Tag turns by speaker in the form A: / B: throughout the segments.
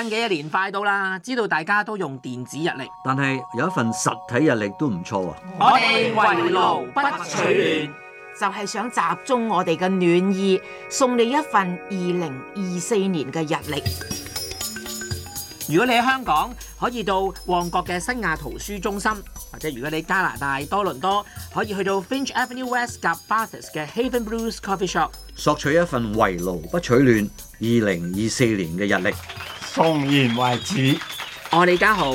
A: 新嘅一年快到啦，知道大家都用電子日曆，但係有一份實體日曆都唔錯啊！我哋為勞不取暖，就係想集中我哋嘅暖意，送你一份2024年嘅日曆。如果你喺香港，可以到旺角嘅新亞圖書中心，或者如果你加拿大多倫多，可以去到 Finch Avenue West 加 Bathurst 嘅 Haven Blues Coffee Shop，索取一份為勞不取暖2024年嘅日曆。同言為止，我李家豪，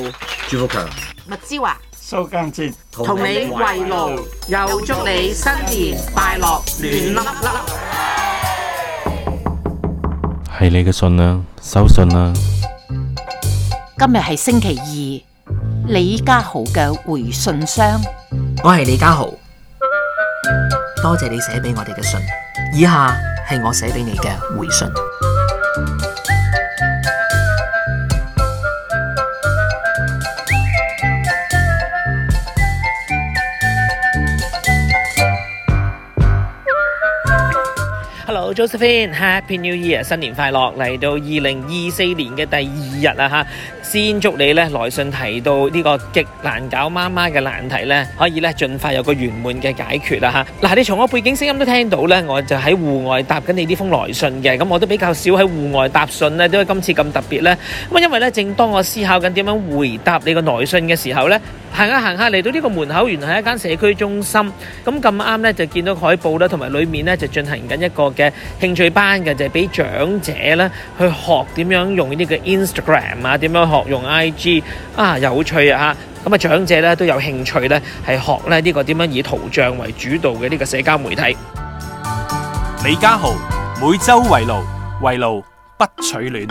A: 朱福強，麥之華，蘇更節，同你為勞，又祝你新年快樂，圓粒粒。係你嘅信啊，收信啊。今日係星期二，李家豪嘅回信箱。我係李家豪，多謝你寫俾我哋嘅信，以下係我寫俾你嘅回信。Josephine，Happy New Year，新年快樂！嚟到二零二四年嘅第二日啦，吓，先祝你咧來信提到呢個極難搞媽媽嘅難題咧，可以咧盡快有個圓滿嘅解決啦，吓，嗱，你從我背景聲音都聽到咧，我就喺戶外答緊你呢封來信嘅，咁我都比較少喺戶外答信啦，因為今次咁特別咧，咁因為咧，正當我思考緊點樣回答你個來信嘅時候咧。行下行下，嚟到呢個門口，原來係一間社區中心。咁咁啱咧，就見到海報啦，同埋裏面咧就進行緊一個嘅興趣班嘅，就係俾長者咧去學點樣用呢啲嘅 Instagram 啊，點樣學用 IG 啊，有趣啊吓！咁啊，長者咧都有興趣咧，係學咧呢個點樣以圖像為主導嘅呢個社交媒體。李家豪，每周圍爐，圍爐不取暖。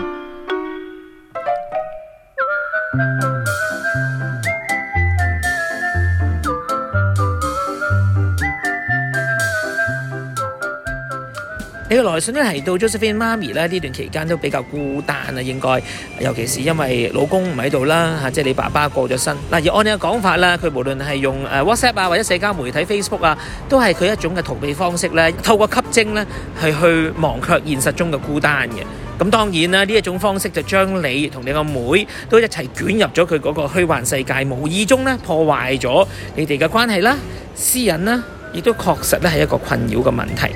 A: 你嘅來信咧提到 Josephine 媽咪咧呢段期間都比較孤單啊，應該尤其是因為老公唔喺度啦嚇，即係你爸爸過咗身。嗱，而按你嘅講法啦，佢無論係用誒 WhatsApp 啊，或者社交媒體 Facebook 啊，都係佢一種嘅逃避方式咧，透過吸睛咧係去忘卻現實中嘅孤單嘅。咁當然啦，呢一種方式就將你同你個妹都一齊捲入咗佢嗰個虛幻世界，無意中咧破壞咗你哋嘅關係啦、私隱啦，亦都確實咧係一個困擾嘅問題。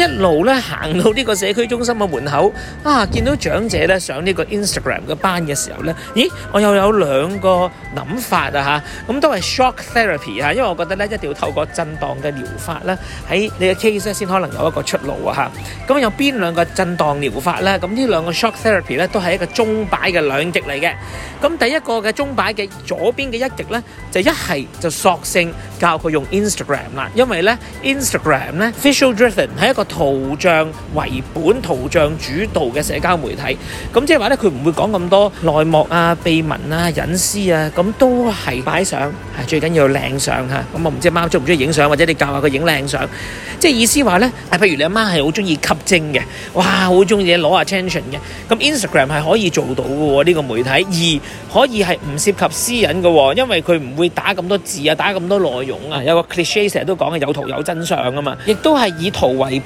A: 一路咧行到呢個社區中心嘅門口，啊，見到長者咧上呢個 Instagram 嘅班嘅時候咧，咦，我又有兩個諗法啊嚇，咁都係 Shock Therapy 嚇，因為我覺得咧一定要透過震盪嘅療法咧，喺你嘅 case 咧先可能有一個出路啊嚇。咁有邊兩個震盪療法咧？咁呢兩個 Shock Therapy 咧都係一個鐘擺嘅兩極嚟嘅。咁第一個嘅鐘擺嘅左邊嘅一極咧，就一係就索性教佢用 Instagram 啦，因為咧 Instagram 咧，social driven 係一個圖像為本、圖像主導嘅社交媒體，咁即係話咧，佢唔會講咁多內幕啊、秘聞啊、隱私啊，咁都係擺相。係、啊、最緊要靚相吓，咁、啊嗯、我唔知貓中唔中意影相，或者你教下佢影靚相，即、就、係、是、意思話咧。誒，譬如你阿媽係好中意吸睛嘅，哇，好中意攞 attention 嘅，咁 Instagram 係可以做到嘅喎，呢、這個媒體而可以係唔涉及私隱嘅喎，因為佢唔會打咁多字啊，打咁多內容啊。有個 cliche 成日都講係有圖有真相啊嘛，亦都係以圖為。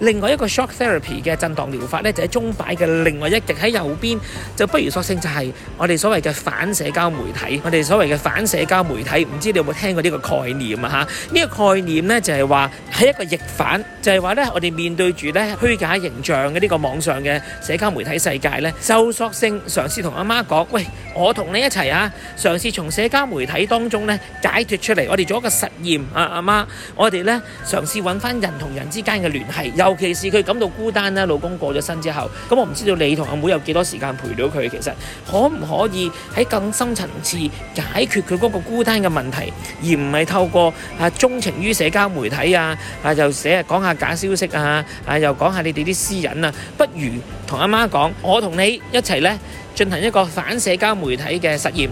A: 另外一個 shock therapy 嘅震盪療法咧，就喺鐘擺嘅另外一極喺右邊，就不如索性就係我哋所謂嘅反社交媒體。我哋所謂嘅反社交媒體，唔知你有冇聽過呢個概念啊？嚇，呢個概念咧就係話係一個逆反，就係話咧我哋面對住咧虛假形象嘅呢個網上嘅社交媒體世界咧，就索性嘗試同阿媽講：喂，我同你一齊啊，嘗試從社交媒體當中咧解脫出嚟。我哋做一個實驗啊，阿媽，我哋咧嘗試揾翻人同人之間嘅聯繫。尤其是佢感到孤單啦，老公過咗身之後，咁我唔知道你同阿妹有幾多時間陪到佢。其實可唔可以喺更深層次解決佢嗰個孤單嘅問題，而唔係透過啊鍾情於社交媒體啊，啊又寫講下假消息啊，啊又講下你哋啲私隱啊。不如同阿媽講，我同你一齊呢進行一個反社交媒體嘅實驗。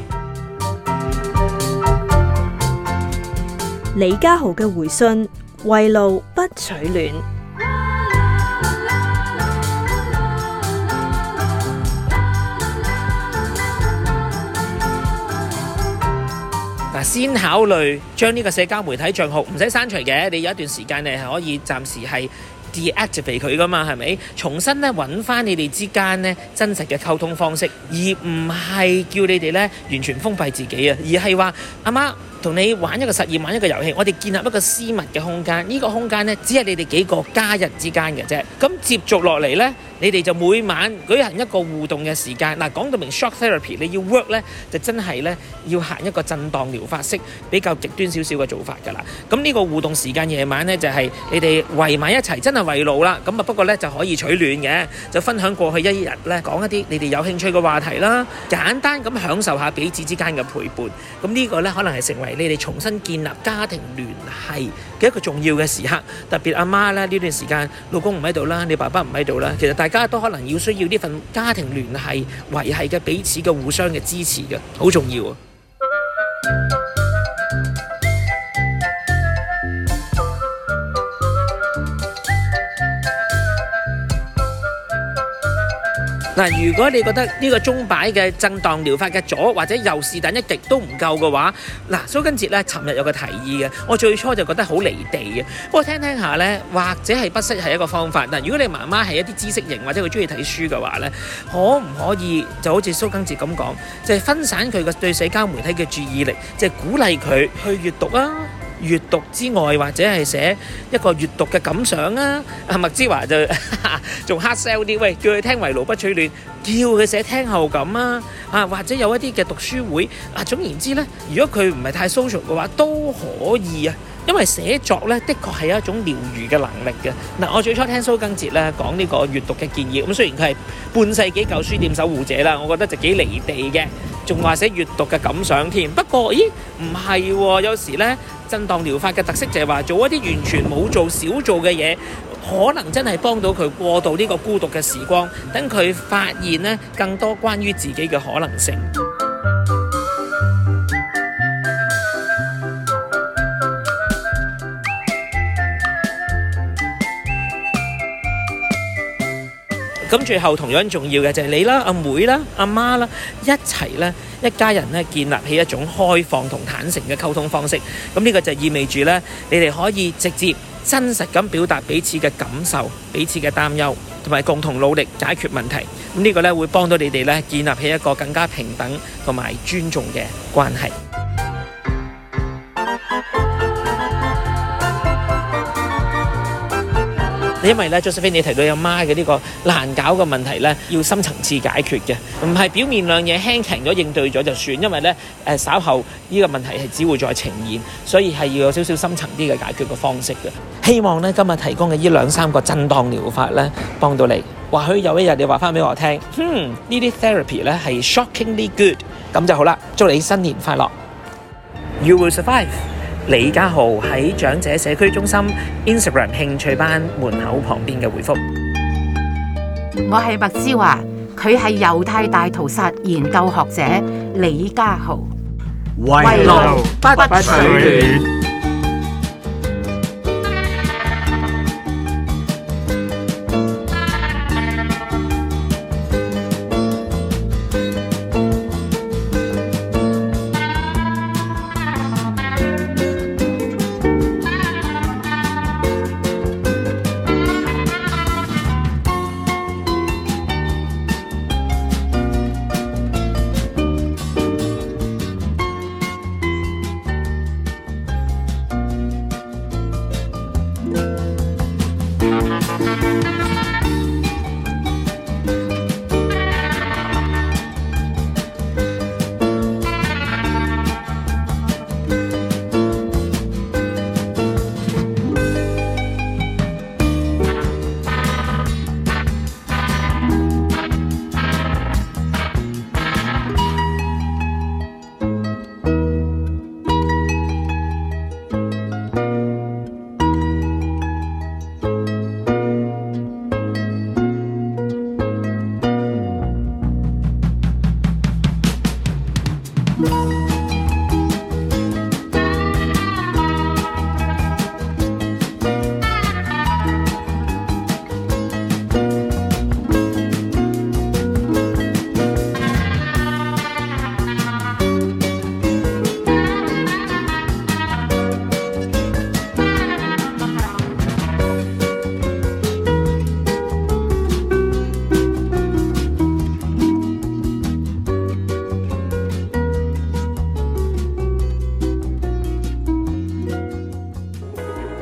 A: 李家豪嘅回信：為路不取暖。先考慮將呢個社交媒體帳號唔使刪除嘅，你有一段時間你係可以暫時係 deactivate 佢噶嘛，係咪重新咧揾返你哋之間咧真實嘅溝通方式，而唔係叫你哋咧完全封閉自己啊，而係話阿媽。媽媽同你玩一個實驗，玩一個遊戲。我哋建立一個私密嘅空間，呢個空間呢，只係你哋幾個家人之間嘅啫。咁接續落嚟呢，你哋就每晚舉行一個互動嘅時間。嗱，講到明 Shock Therapy，你要 work 呢，就真係呢，要行一個震盪療法式，比較極端少少嘅做法㗎啦。咁呢個互動時間夜晚呢，就係你哋圍埋一齊，真係圍爐啦。咁啊不過呢，就可以取暖嘅，就分享過去一日呢，講一啲你哋有興趣嘅話題啦，簡單咁享受下彼此之間嘅陪伴。咁呢個呢，可能係成為，你哋重新建立家庭聯繫嘅一個重要嘅時刻，特別阿媽啦，呢段時間老公唔喺度啦，你爸爸唔喺度啦，其實大家都可能要需要呢份家庭聯繫維繫嘅彼此嘅互相嘅支持嘅，好重要啊！嗱，如果你覺得呢個鐘擺嘅震盪療法嘅左或者右是但一極都唔夠嘅話，嗱，蘇根哲咧，尋日有個提議嘅，我最初就覺得好離地嘅，不過聽聽下咧，或者係不失係一個方法。嗱，如果你媽媽係一啲知識型或者佢中意睇書嘅話咧，可唔可以就好似蘇根哲咁講，就係、是、分散佢個對社交媒體嘅注意力，就係、是、鼓勵佢去閱讀啊。閱讀之外，或者係寫一個閱讀嘅感想啊！阿麥之華就哈哈，仲黑 sell 啲，喂叫佢聽《圍爐不取暖》，叫佢寫聽後感啊！啊，或者有一啲嘅讀書會啊，總言之呢，如果佢唔係太 social 嘅話，都可以啊。因為寫作咧，的確係有一種療癒嘅能力嘅。嗱，我最初聽蘇更哲咧講呢個閱讀嘅建議，咁雖然佢係半世紀舊書店守護者啦，我覺得就幾離地嘅，仲話寫閱讀嘅感想添。不過，咦，唔係喎，有時咧震盪療法嘅特色就係話做一啲完全冇做、少做嘅嘢，可能真係幫到佢過渡呢個孤獨嘅時光，等佢發現咧更多關於自己嘅可能性。咁最後同樣重要嘅就係你啦、阿、啊、妹啦、阿媽啦一齊咧，一家人咧建立起一種開放同坦誠嘅溝通方式。咁、這、呢個就意味住咧，你哋可以直接真實咁表達彼此嘅感受、彼此嘅擔憂，同埋共同努力解決問題。咁、這、呢個咧會幫到你哋咧建立起一個更加平等同埋尊重嘅關係。因為咧，Josephine，你提到阿媽嘅呢個難搞嘅問題咧，要深層次解決嘅，唔係表面兩嘢輕停咗應對咗就算。因為咧，誒、呃、稍後呢個問題係只會再呈現，所以係要有少少深層啲嘅解決嘅方式嘅。希望咧今日提供嘅呢兩三個震盪療法咧，幫到你。或許有一日你話返俾我聽，哼、嗯，呢啲 therapy 咧係 shockingly good，咁就好啦。祝你新年快樂，you will survive。李家豪喺長者社區中心 Instagram 興趣班門口旁邊嘅回覆我係麥之華，佢係猶太大屠殺研究學者李家豪，為路不，不取暖。